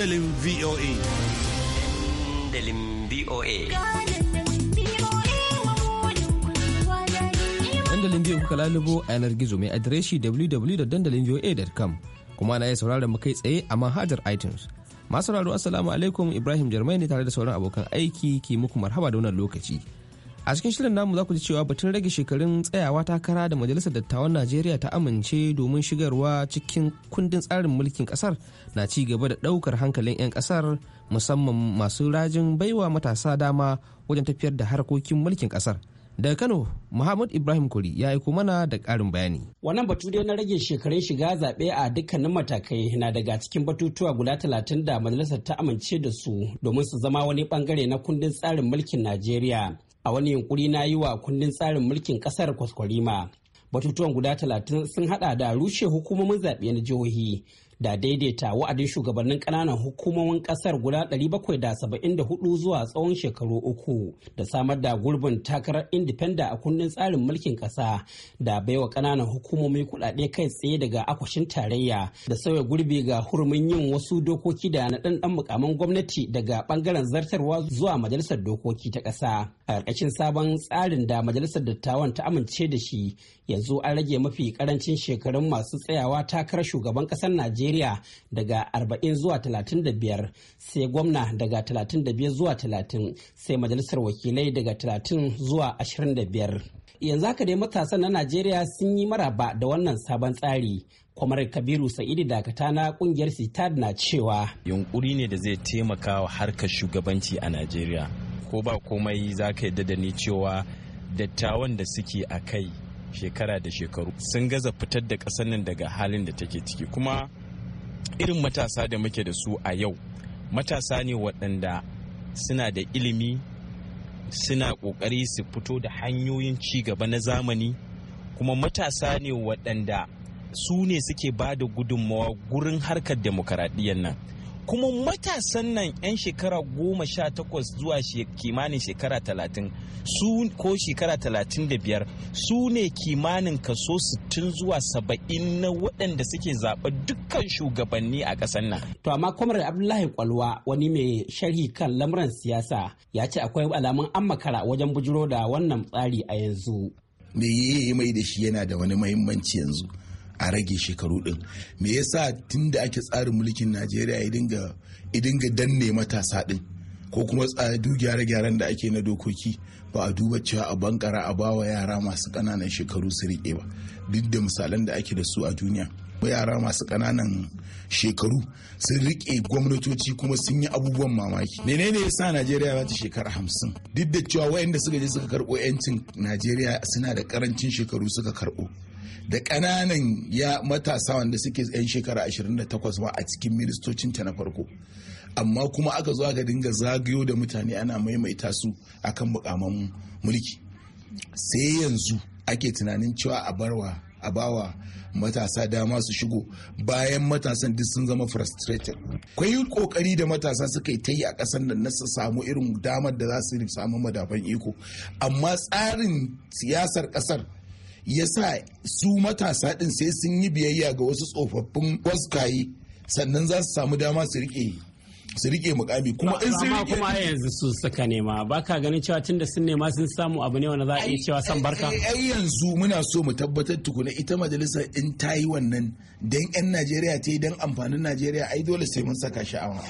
E. E. Dandalin VOA. dandalin e VOA. Dandalin VOA kuka lalubo a yanar gizo mai adireshi www.dandalinvoa.com kuma na iya sauraron mu kai tsaye a manhajar iTunes. Masu sauraro Assalamu alaikum Ibrahim Jarmai ne tare da sauran abokan aiki ke muku marhaba da wannan lokaci. a cikin shirin namu za ku ji cewa batun rage shekarun tsayawa takara da majalisar dattawan najeriya ta amince domin shigarwa cikin kundin tsarin mulkin kasar na ci gaba da daukar hankalin 'yan kasar musamman masu rajin baiwa matasa dama wajen tafiyar da harkokin mulkin kasar daga kano muhammad ibrahim kuri ya aiko mana da karin bayani wannan batu dai na rage shekarun shiga zaɓe a dukkanin matakai na daga cikin batutuwa guda talatin da majalisar ta amince da su domin su zama wani bangare na kundin tsarin mulkin najeriya a wani yunkuri na yi wa kundin tsarin mulkin kasar kwaskwarima batutuwan guda talatin sun hada da rushe hukumomin zaɓe na jihohi da daidaita wa'adin shugabannin ƙananan hukumomin ƙasar guda 774 zuwa tsawon shekaru uku da samar da gurbin takarar indifenda a kundin tsarin mulkin ƙasa da baiwa ƙananan hukumomi kuɗaɗe kai tsaye daga akwashin tarayya da sauya gurbi ga hurumin yin wasu dokoki da na ɗanɗan mukamin gwamnati daga bangaren zartarwa zuwa majalisar dokoki ta ƙasa a ƙarƙashin sabon tsarin da majalisar dattawan ta amince da shi yanzu an rage mafi karancin shekarun masu tsayawa takarar shugaban ƙasar najeriya najeriya daga 40 zuwa 35 sai gwamna daga 35 zuwa 30 sai majalisar wakilai daga 30 zuwa 25 yanzu haka dai matasan na najeriya sun yi maraba da wannan sabon tsari kwamar kabiru sa'idu dakata na kungiyar sitad na cewa yunkuri ne da zai taimaka wa harkar shugabanci a najeriya ko ba komai za ka yi da ni cewa dattawan da suke a kai shekara da shekaru sun gaza fitar da ƙasar nan daga halin da take ciki kuma irin matasa da muke da su a yau matasa ne waɗanda suna da ilimi suna ƙoƙari su fito da hanyoyin ci gaba na zamani kuma matasa ne waɗanda su ne suke ba da gudunmawa gurin harkar demokaradiyyar nan kuma matasan nan 'yan shekara goma sha takwas zuwa kimanin shekara talatin su ko shekara talatin da biyar su ne kimanin kaso sittin zuwa saba'in na waɗanda suke zaɓa dukkan shugabanni a ƙasar nan. to amma kwamar abdullahi kwalwa wani mai sharhi kan lamuran siyasa ya ce akwai alamun an makara wajen bujiro da wannan tsari a yanzu. me yi mai da shi yana da wani mahimmanci yanzu a rage shekaru din me yasa tun da ake tsarin mulkin najeriya ya dinga danne matasa din ko kuma tsadu gyare-gyaren da ake na dokoki ba a duba cewa a bankara a bawa yara masu ƙananan shekaru su riƙe ba duk da misalan da ake da su a duniya yara masu kananan shekaru sun rike gwamnatoci kuma sun yi abubuwan mamaki menene yasa najeriya za ta shekara hamsin duk da cewa wayanda suka je suka karɓo 'yancin najeriya suna da karancin shekaru suka karɓo da ƙananan ya matasa wanda suke 'yan shekara 28 ba a cikin ministocinta na farko amma kuma aka zo aka dinga zagayo da mutane ana maimaita su akan mukaman mulki sai yanzu ake tunanin cewa a barwa a bawa matasa dama su shigo bayan matasan duk sun zama frustrated kwai kokari da matasa suka yi ta yi a ƙasar nan na su samu irin damar da za su samu madafan iko amma tsarin siyasar ƙasar ya sa su matasa ɗin sai sun yi biyayya ga wasu tsofaffin waskaye sannan za su samu dama su riƙe su rike mukami kuma in sun rike kuma yanzu su suka nema baka ganin cewa tunda sun nema sun samu abu ne wanda za a iya cewa san barka ai yanzu muna so mu tabbatar tukuna ita majalisar in tayi wannan dan yan Najeriya ta yi dan amfanin Najeriya ai dole sai mun saka sha'awa